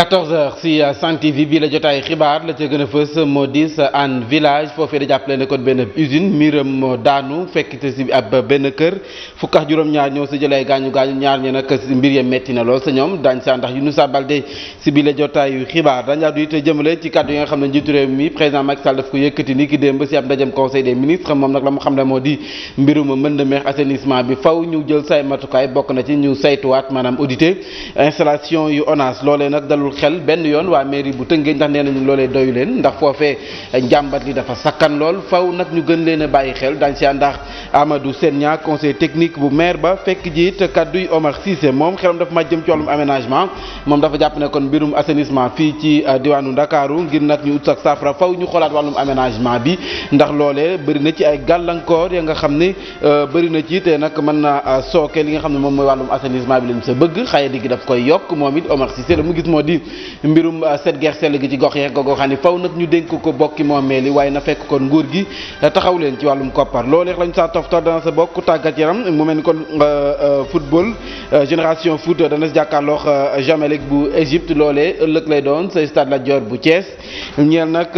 14h si Sen TV bi la jotaay xibaar la ca gën a fës moo di sa an village foofee da jàppale ne benn usine miiram moo daanu fekk si ab benn kër ñaar ñoo si jëlee gaañu gaañu ñaar ñi nag mbir ya metti na lool sa ñoom daañ sa ndax yu nu sàbbalde si bi la jotaayu xibaar dañ laa du it jëmale ci kàddu yi nga xam ne njiitu réew mi président Macky Sall daf ko yëkkati ni ki démb si ab ndajem conseil des ministres moom nag la mu xam ne moo di mbirum bokk na ci ñu saytuwaat maanaam audité installation yu ONAS loolee dalul xel benn yoon waa mairie bu Tëngéej ndax nee nañu loolee doyu leen ndax foofee njàmbat li dafa sakkan lool faw nag ñu gën leen a bàyyi xel dañ si amadu Amadou Senya conseil technique bu maire ba fekk ji it kadduy Omar Cissé moom xelam dafa ma jëm ci wàllum aménagement moom dafa jàpp ne kon mbirum assainissement fii ci euh, diwaanu Ndakaaru ngir nag ñu ut ak saafara faw ñu xoolaat wàllum amenagement bi ndax loolee bëri na ci ay gàllankoor ya nga xam ne euh, bëri na ci te nag mën na euh, sooke li nga xam ne moom mooy wàllum assainissement bi lañ sa bëgg xaye di di mbirum euh, set geex sell gi ci gox yee ko goxaan yi faw nag ñu dénk ko bokki moomeel yi waaye na fekk kon nguur gi euh, taxaw leen ci wàllum koppar loolu lañ saa toftal dana sa bokk tàggat yaram mu mel ni kon euh, football génération foot dana si jàkkaarloox bu Égypte loolee ëllëg lay doon say stade Lat bu Thiès ñeel nag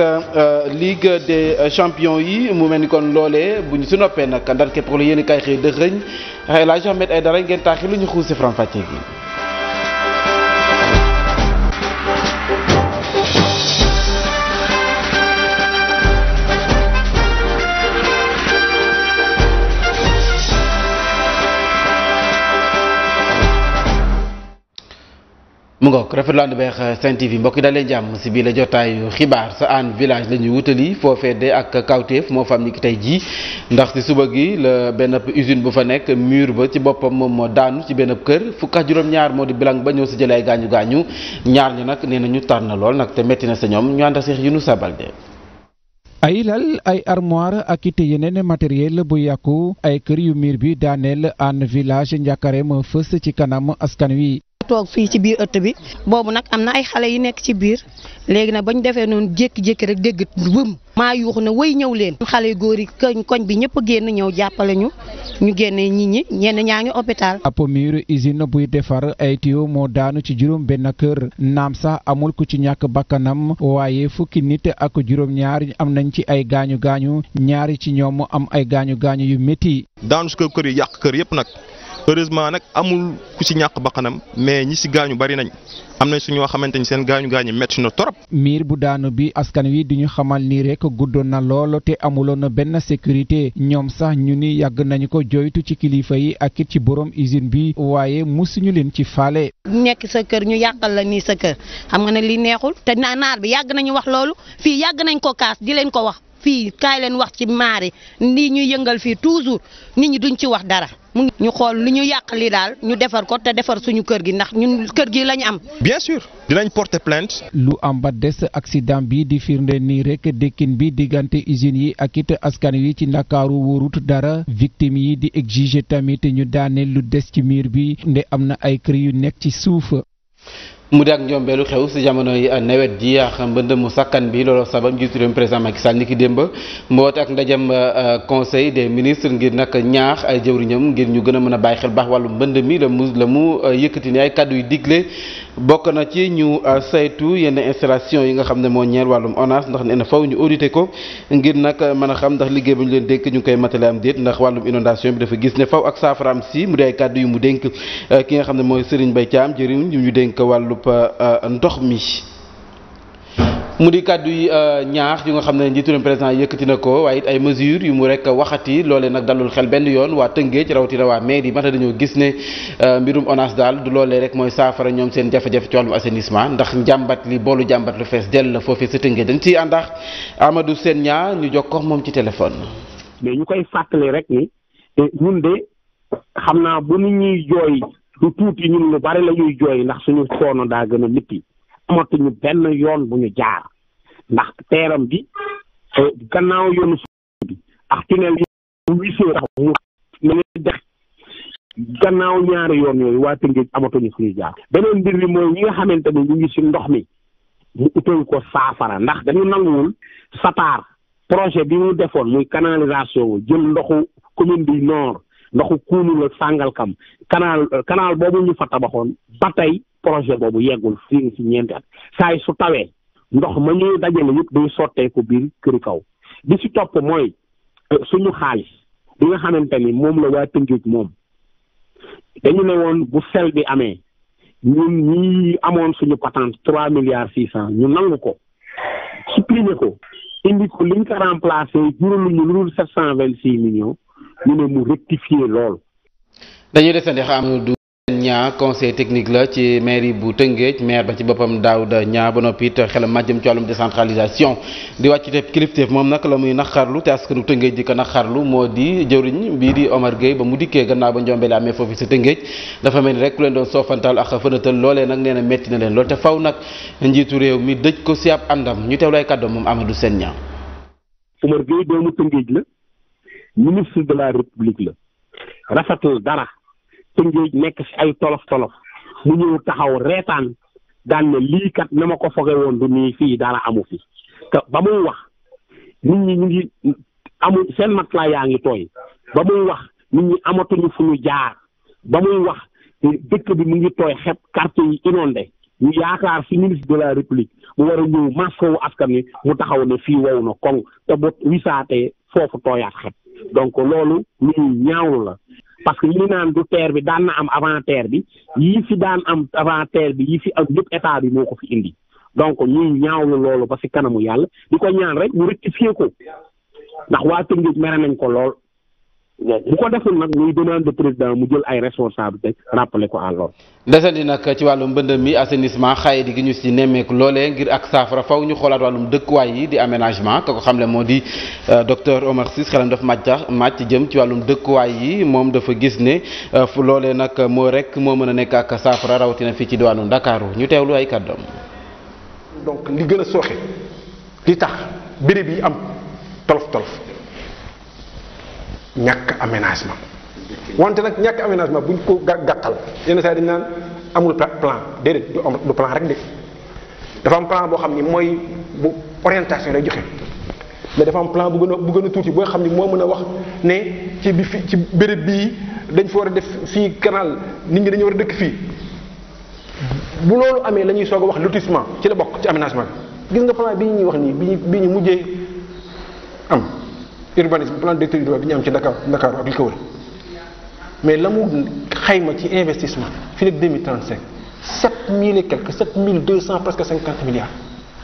Ligue des champions yi mu mel ni kon loolee bu ñu si noppee nag ndar képp ku la yéen i kaay xëy dëxëñ xëy laa Ahmed Aïdara ngeen taaxi lu ñu xuusi faram fàcce mu ngoog rafet lu ànd beex Sen TV mbokk yi daal leen jàmm si bii la jotaayu xibaar sa aan village la ñuy wutali foofee de ak kawteef moo fa am ni ki tey jii ndax si suba gi la benn usine bu fa nekk mur ba ci boppam moom moo daanu ci benn kër fukk ak juróom-ñaar moo di bilang ba ñëw si jëlee ay gaañu gaañu ñi nag nee na ñu tar na lool nag te metti na sa ñoom ñu ànd ak Seex Yunusa Balde ay lal ay armoire ak it yeneen matériel bu yàqu ay kër yu miir bi daaneel aan village njàkkareem fës ci kanam askan wi toog fii ci biir ëtt bi boobu nag am na ay xale yi nekk ci biir léegi nag ba ñu defee noonu jékki-jékki rek dégg wëm maa yuux na wëy ñëw leen xale yu góor yi koñ koñ bi ñëpp génn ñëw jàppale ñu ñu génn nit ñi ñenn ñaa ngi hôpital ab miiru usine buy defar ay tuyau moo daanu ci juróom benn kër naam sax amul ku ci ñàkk bakkanam waaye fukki nit ak juróom ñaar am nañ ci ay gaañu gaañu ñaari ci ñoom am ay gaañu gaañu yu métti daanu si ko kër yàq kër yëpp nag heureusement nag amul ku ci ñàkk bakkanam mais ñi ci gaañu bari nañ am nañ suñoo xamante ni seen gaañu gaañu metti na torop. miir bu daanu bi askan wi duñu xamal ni rek guddoon na lool te amuloon benn sécurité ñoom sax ñu ni yàgg nañu ko joytu ci kilifa yi ak it ci boroom usine bi waaye mu suñu leen ci fale nekk sa kër ñu yàqal la nii sa kër xam nga ne lii neexul te naar bi yàgg nañu wax loolu fii yàgg nañ ko kaas di leen ko wax. fii kaay leen wax ci maari lii ñuy yëngal fii toujours nit ñi duñ ci wax dara mu ñu xool li ñu yàq li daal ñu defar ko te defar suñu kër gi ndax ñun kër gi lañu am. bien sûr dinañ porter plainte. lu am ba des accident bi di firnde nii rekk dëkkin bi diggante usines yi ak it askan yi ci ndakaaru wóorut dara victim yi di exiger tamit ñu daane lu des ci miir bi nde am na ay kër yu nekk ci suuf. mu di ak njombeelu xew si jamonoy nawet ji ak mbënd mu sakkan bi looloo sabab njiitu réew mi président Macky Sall ni ki démb mu woote ak ndajam euh, conseil des ministres ngir nag ñaax ay jëwriñam ñu gën a mën a bàyyi xel baax wàllu mbënd mi la mu la mu euh, yëkkati ni ay kàddu yu digle bokk na ci ñu euh, saytu yenn installation yi nga xam ne moo ñeel wàllum ONAS ndax nee na faw ñu ko ngir nag mën a xam ndax liggéey ba leen dénk ñu koy matale am déet ndax wàllum inondation bi dafa gis ne faw ak saafaraam si mu di ay kàddu mu dénk ki nga xam ne mooy Serigne Mbaye Thiam jëriñ ñu dénk wàllu Euh, euh, ndox mi mu di kàddu yi euh, ñaax yu nga xam ne njiitu réew président yëkkati na ko waaye it ay mesures yu mu rek waxati loolee nag dalul xel benn yoon waa Tëngéej rawatina waa mairie yi mata dañoo gis ne mbirum ONAS daal du loolee rek mooy saafara ñoom seen jafe-jafe ci wàllum ndax njàmbat li boolu njàmbat lu fees dell la foofee sa Tëngéej dañ ciy àndax Amadou seen ñaa ñu jox ko moom ci téléphone. mais ñu koy fàttali rek ni eh, de xam naa bu nit ñuy jooy. lu tuuti ñun lu bari la jooy ndax suñu coono daa gën a métti amatuñu benn yoon bu ñu jaar ndax teeram bi eh, gannaaw yoonu ak tunnel yi gannaaw ñaari yoon yooyu waa Tëngéej amatuñu fu ñu jaar beneen mbir mi mooy ñi nga xamante ni ñu ngi ci ndox mi mu utal ko saafara ndax dañu nanguwul sataar projet bi mu defoon muy canalisation jël ndoxu commune du nord ndoxu kuunu la sàngalkam kanaal euh, canal boobu ñu fa tabaxoon ba tey projet boobu yeggul fii si ñeenti at saa yi su tawee ndox ma ñuy dajale yëpp day sotteeku biir këri kaw bi si topp mooy euh, suñu xaalis bi nga xamante ni moom la waa Tëngéej moom dañu ne woon bu sel bi amee ñun ñi amoon suñu patente trois milliards six cent ñu nangu ko supprimer ko indi ko liñ ko remplacé juróom ñu lu dul sept cent vingt six millions ñu ne mu rectifier lool. dañuy desandi xam du ñaa conseil technique la ci mairie bu Tëngéej maire ba ci boppam Daouda ñaa ba noppi it xelam màjjëm ci wàllum décentralisation di wàcc te kilifteef moom nag la muy naqarlu te askanu Tëngéej di ko naqarlu moo di jëwriñ bii di Omar Gueye ba mu dikkee gannaaw ba njombe la amee foofu sa Tëngéej dafa mel ni rek ku leen doon soofantal ak fënatal loolee nag nee na métti na leen loolu te faw nag njiitu réew mi dëj ko si ab àndam ñu teew lay kàddoom moom Amadou Sène ñaa ministre de la république la rafetul dara tëngéej nekk ci ay tolof tolof mu ñëw taxaw reetaan daan ne lii kat na ma ko foge woon du nii fii dara amu fi ba muy wax nit ñi ñu ngi amul seen matelas yaa ngi tooy ba muy wax nit ñi amatuñu fu ñu jaar ba muy wax dëkk bi mu ngi tooy xep quartier yi inondé ñu yaakaar ci ministre de la république mu war ñëw masque wu askan wi mu taxaw ne fii wow na koŋ te bu wisaatee foofu tooyaat xepp donc loolu lu ñaawlu la parce que ñu naan du terre bi daan na am avant bi yi daan am avant bi yi fi am yëpp état bi moo ko fi indi donc ñuy ñaawlu loolu ba ci kanamu yàlla di ko ñaan rek mu rectifier ko ndax waa Tëngéej mere nañ ko lool. bu ko deful nag muy demande président mu jël ay responsabilités rappelé ko à l'ordre. desandi nag ci wàllum mbënd mi assainissement xaye di gi ñu si nemmeeku loolee ngir ak saafara faw ñu xoolaat wàllum dëkkuwaay yi di aménagement ka ko xamle moo di euh, docteur Omar Ciss xelam daf màcc màcc jëm ci wàllum dëkkuwaay yi moom dafa gis ne euh, loole nag moo rek moo mën a nekk ak saafara rawatina fii ci diwaanu Ndakaaru ñu teewlu ay kàddoom. donc li gën a sooxe li tax béréb yi am tolof tolof. ñàkk aménagement wante nag ñàkk aménagement buñ ko gàttal yenn saa dañ naan amul plan déedéet du am du plan rek de dafa am plan boo xam ni mooy bu orientation lay joxe mais dafa am plan bu gën a bu gën a tuuti boo xam ni moo mën a wax ne ci bi fi ci béréb bii dañ fa war a def fii canal nit ñi dañu war a dëkk fii bu loolu amee la ñuy soog a wax lotissement ci la bokk ci aménagement bi gis nga plan bi ñuy wax nii bi ñu bi ñu mujjee am urbanisme plan directeur urbain bi ñu am ci Dakar Dakar ak li ko mais la mu xayma ci investissement fii nag cinq sept mille et quelque sept mille deux cent presque cinquante milliards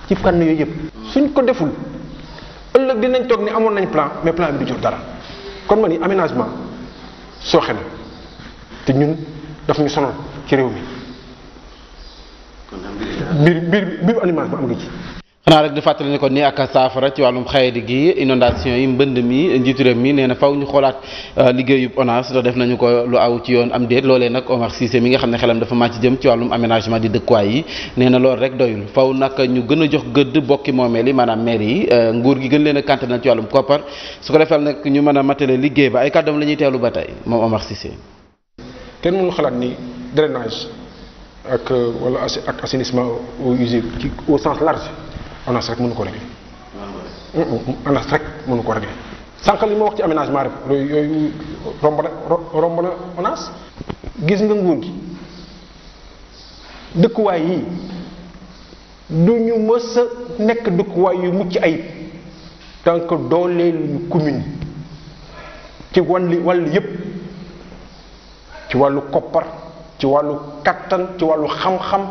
ci fànn yooyu yëpp suñ ko deful ëllëg dinañ toog ni amoon nañ plan mais plan bi du jox dara kon ma ni aménagement sooxe na te ñun daf ñu sonal ci réew mi. mbir mbir mbiru aménagement am nga ci. xanaa rek di fàttali ne ko ni ak saafara ci wàllum xayadi gi inondation yi mbënd mi njiitu réew mi nee na faw ñu xoolaat euh, liggéeyub ONAS def nañu ko lu aw ci yoon am déet loolee nag Omar Cissé mi nga xam ne xelam dafa màcc jëm ci wàllum aménagement di dëkkuwaay yi nee na loolu rek doyul faw nag ñu gën a jox gëdd bokki moomeel yi maanaam maire yi euh, nguur gi gën leen a kantanal ci wàllum koppar su ko defee nag ñu mën a matale liggéey ba ay kàddam la ñuy teelu ba tey moom Omar Cissé kenn mënul xalaat ni drainage ak euh, wala ak assainissement aux usines au sens large ONAS rek mënu ko réglé. ONAS rek mënu ko réglé sànq li ma wax ci aménagement rek yooyu romb na romb na gis nga nguur gi dëkkuwaay yi du ñu mës nekk dëkkuwaay yu mucc ayib tant que dooleeluñu commune ci wàllu wàllu yépp ci wàllu koppar ci wàllu kattan ci wàllu xam-xam.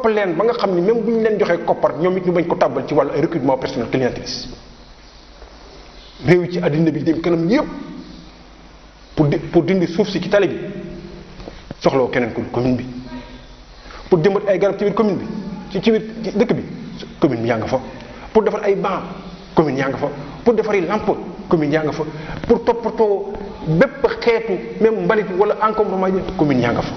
topp leen ba nga xam ni même bu ñu leen joxee koppar ñoom it ñu ko tàbbal ci wàllu ay recrutement personnel clientéliste ci àddina bi dem kanam yëpp pour di pour dindi suuf si ci tali bi soxlawo keneen ku commune bi pour jëmbat ay garab ci commune bi ci ci dëkk bi commune yaa nga fa pour defar ay banc commune yaa nga fa pour defar yi lampe commune yaa nga fa pour toppatoo bépp xeetu même mbalit wala encombrement yi commune yaa nga fa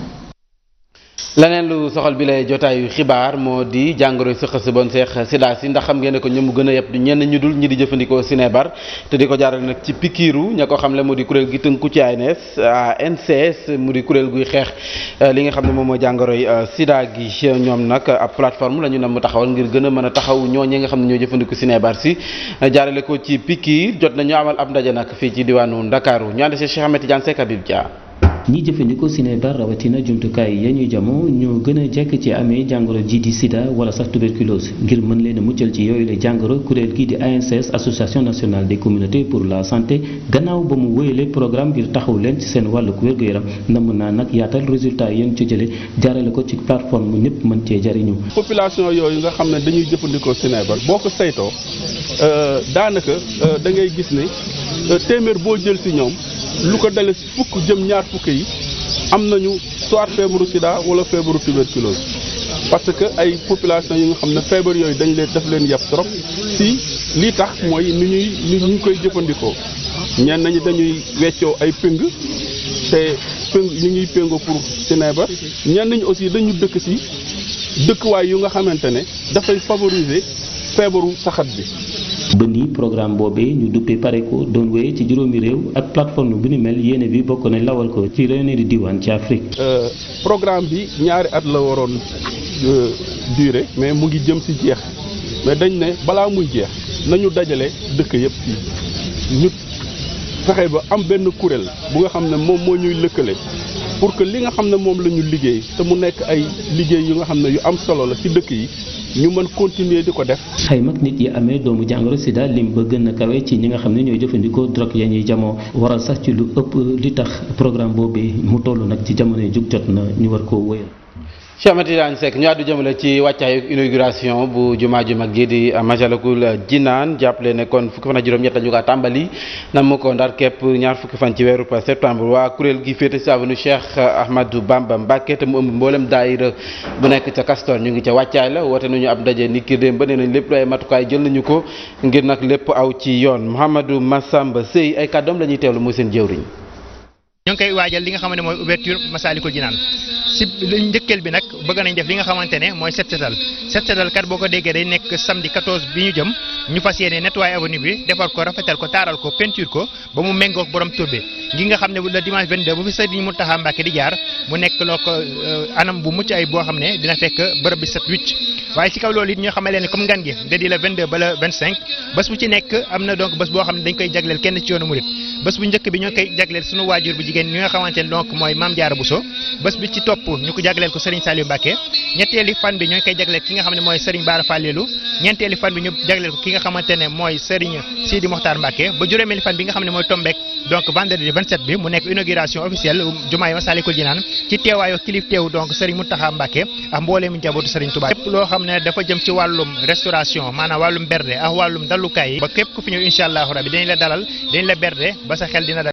leneen lu soxal bi lay jotaayu xibaar moo di jàngoro si xës bon seex sidaa si ndax xam ngeen ko ñoom mu gën a yëpp ñenn ñu dul ñi di jëfandikoo sinébar te di ko jaarale nag ci pikiiru ña ko xam le mu di kuréel gi tënku ci ANS NCS mu di kuréel guy xeex euh, li nga xam ne moom mooy jàngoroy euh, sida gi ñoom nag ab la ñu ne mu taxawal ngir gën a mën a taxaw ñoo ñi nga xam ne ñoo jëfandikoo sinébar si jaarale ko ci pikiir jot nañu amal ab ndaje nag fii ci diwaanu Ndakaaru ñu ànd si Cheikh Ahmed Tidiane Seck Habib Dia ñi jëfandikoo Sinébar rawatina jumtukaay ya ñuy jamoo ñoo gën a jekk ci amee jàngoro ji di sida wala sax tuberculose ngir mën leen a muccal ci yooyu la jàngoro kuréel gi di ANCS association nationale des communautés pour la santé gannaaw ba mu wéyalee programme ngir taxaw leen ci seen wàllu wér-gu-yaram namm naa nag yaatal résultat yéen ci jële jaarale ko ci plateforme bu ñëpp mën cee jariñu population yooyu nga xam ne dañuy jëfandikoo Sinébar boo ko saytoo euh, daanaka euh, da gis ne euh, téeméer boo jël si ñoom lu ko dale si fukk jëm ñaar fukk yi am nañu soit feebaru sida wala feebaru tuberculose parce que ay population yu nga xam ne feebar yooyu dañu leen daf leen yàpp trop si lii tax mooy ni ñuy ni ñu koy jëfandikoo ñenn nañu dañuy weccoo ay péng te péng ñu ngiy péngoo pour si neebar ñenn nañu aussi dañu dëkk si dëkkuwaay yu nga xamante ne dafay favorise feebaru saxat bi ba nii programme boobee ñu duppee PARECO doon wéy ci juróomi réew ak plateforme bu ni mel yéene bi bokk nañ lawal ko ci réunion di diwaan ci Afrique. Euh, programme bi ñaari at la waroon euh, durée mais mu ngi jëm si jeex mais dañ ne balaa muy jeex nañu dajale dëkk yëpp fii ñu fexe ba am benn kuréel bu nga xam ne moom moo ñuy lëkkale. pour que li nga xam ne moom la ñu liggéey te mu nekk ay liggéey yu nga xam ne yu am solo la ci dëkk yi ñu mën continuer di ko def. xayma nit yi amee doomu jàngoro sida lim ba gën a kawee ci ñi nga xam ne ñooy jëfandikoo drogue ya ñuy jamoo waral sax ci lu ëpp li tax programme boobu mu toll nag ci jamono jug jot na ñu war koo wëyal. Cheikh Ahmed Tidiane Seck ñu àddu jëmale ci wàccaayu inauguration bu jumaa ju mag ji di Masalikul Jinaan jàppale ne kon fukki fan ak juróom-ñett ñu ko tàmbali nam ko ndar képp ñaar fukki fan ci weeru septembre waa kuréel gi féete ci avenue Cheikh Ahmadou Bamba Mbàkke te mu ëmb mboolem daayira bu nekk ca Castor ñu ngi ca wàccaay la woote nañu ab ndaje ni ki démb ba nee lépp ay matukaay jël nañu ko ngir nag lépp aw ci yoon Mouhamadou Massamba Sey ay kàddoom la ñuy teewlu mooy seen jëwriñ ñu waajal li nga xamante ne mooy ouverture Masaalikul Jinaan si njëkkeel bi nag bëgg nañ def li nga xamante ne mooy set setal set setal boo ko déggee day nekk samedi 14 bi ñu jëm ñu fas yéene nettoyer avenue bi defar ko rafetal ko taaral ko peinture ko ba mu méngoog borom tur ngi nga xam ne le dimanche 22 bu fi sëriñ Mountakha Mbacké di jaar mu nekk loo ko euh, anam bu mucc ay boo xam ne dina fekk bërëb bi set wicc waaye ci kaw loolu it ñoo xamale ne comme ngan gi da la ba la 25 bu ci nekk am na donc bés boo xam ne dañ koy jagleel kenn ci yoonu murit bés bu njëkk bi ñoo koy jagleel sunu waajur bu jigéen ñi nga xamante ne donc mooy Maam Jaara Buso bés bi ci topp ñu ko jagleel ko Serigne Saliou Mbacké ñetteeli fan bi ñoo koy jagleel ki nga xam ne mooy Serigne Bara Fallilu ñeenteeli fan bi ñu ki nga xamante ne mooy Serigne Sidi Mokhtar Mbacké ba juróomeeli fan bi nga xam ne mooy tombeek donc vendredi 27 bi mu nekk inauguration officielle jumaay Massalikul Jinaan ci teewaayu kilif teewu donc Serigne Mountakha Mbacké ak mbooleem njabootu Serigne Touba lépp loo xam ne dafa jëm ci wàllum restauration maanaam wàllum berde ak wàllum dalukaay yi ba képp ku fi ñëw incha allahu rabi dañ la dalal dañ la berde ba sa xel dina dal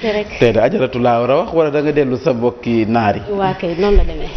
te rek tey de ajaratu laa war a wax wala da nga dellu sa mbokki naar yi. waa kay noonu la demee.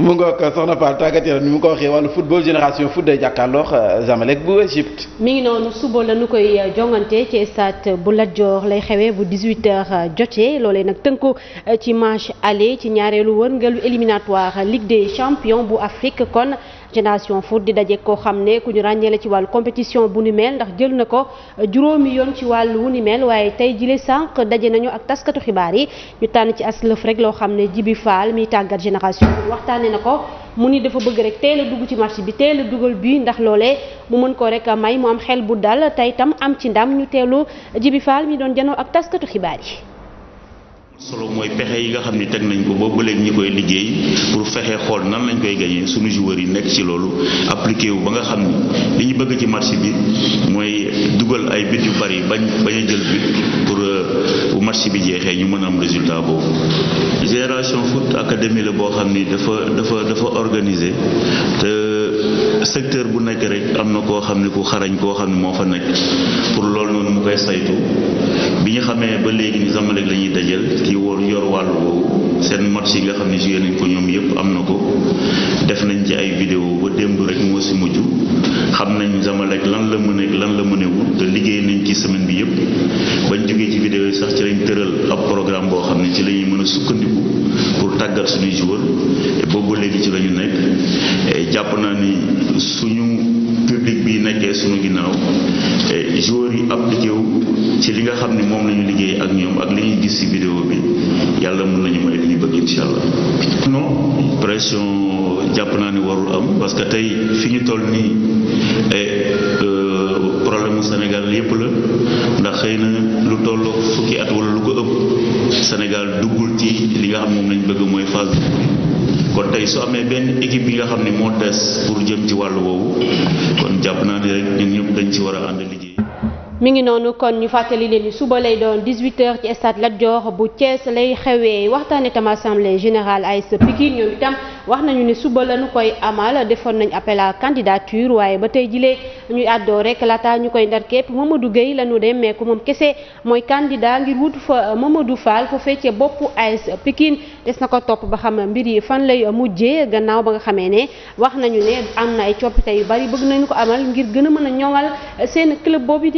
mu ko soxna Fall tàggat yaram ni mu ko waxee wàllu football génération foot day jàkkaarloo euh, Zamalek bu Égypte. mi ngi noonu suba la nu koy euh, jongante ci stade bu Lat Dior lay xewee bu 18h euh, jotee loolee nag tënku ci match aller ci ñaareelu wërngëlu éliminatoire Ligue des champions bu Afrique kon. génération foot di daje koo xam ne ku ñu ràññee la ci wàllu compétition bu ni mel ndax jël na ko euh, juróomi yoon ci wàllu wu ni mel waaye tey jile sànq daje nañu ak taskatu xibaar yi ñu tànn ci as lëf rek loo xam ne Jibi Faal miy tàggat génération waxtaanee na ko mu ni dafa bëgg rek teel a dugg ci marché bi teel a dugal bi ndax loolee mu mën koo rek may mu am xel bu dal tey tam am ci ndam ñu teelu Jibi Faal mi doon janoo ak taskatu xibaar yi. solo mooy pexe yi nga xam ni teg nañ ko ba léegi ñi koy liggéey pour fexe xool nan lañ koy gañee suñu joueurs yi nekk ci loolu appliqué wu ba nga xam ni li ñu bëgg ci match bi mooy dugal ay bit yu bari bañ bañ a jël bit pour euh, bu match bi jeexee ñu mën a am résultat boobu. Génération Foot Académie la boo xam ni dafa dafa dafa organisé te secteur bu nekk rek am na koo xam ne ku xarañ koo xam ne moo fa nekk pour loolu noonu ma koy saytu. bi ñu xamee ba léegi ni Zamalek la ñuy dajal ki war yor wàll woowu seen match yi nga xam ne joué nañ ko ñoom yëpp am na ko def nañ ci ay vidéo ba démb rek moo si mujj xam nañ Zamalek lan la mën ak lan la mënewul te liggéey nañ ci semaine bi yëpp bañ jógee ci vidéo sax ci lañ tëral ab programme boo xam ne ci la ñuy mën a sukkandiku pour tàggat suñuy joueurs et boobu ba ci lañu nekk jàpp naa ni suñu. public bi nekkee suñu ginnaaw eh, joueurs yi appliqué wu ci li nga xam ne moom la liggéey ak ñoom ak li ñuy gis ci vidéo bi yàlla mën nañu may li ñu bëgg incha allah. non pression jàpp naa ni warul am parce que tey fi ñu toll nii eh, euh, problème mu Sénégal yépp la ndax xëy na lu toll fukki at wala lu ko ëpp Sénégal duggul ci li nga xam moom lañ bëgg mooy phase kon tey soo amee benn équipe bi nga xam ne moo des pour jëm ci wàllu woowu kon jàpp naa ne rek ñun ñëpp dañ ci war a ànd liggéey mi ngi noonu kon ñu fàttali leen ni suba lay doon 18h ci stade Lat Dior bu Thiès lay xewee waxtaanee tam assemblée général AS Pikine ñoom itam wax nañu ne suba lañu koy amal defoon nañu appel à waaye ba tey jilee ñuy àddoo rek laata ñu koy ndar képp Mamadou Gueye lañu demmeeku moom kese mooy candidat ngir wut fa du faal foofee ca boppu AS Pikine des na ko topp ba xam mbir yi fan lay mujjee gannaaw ba nga xamee ne wax nañu ne am na ay coppite yu bari bëgg nañu ko amal ngir gën a mën a ñoŋal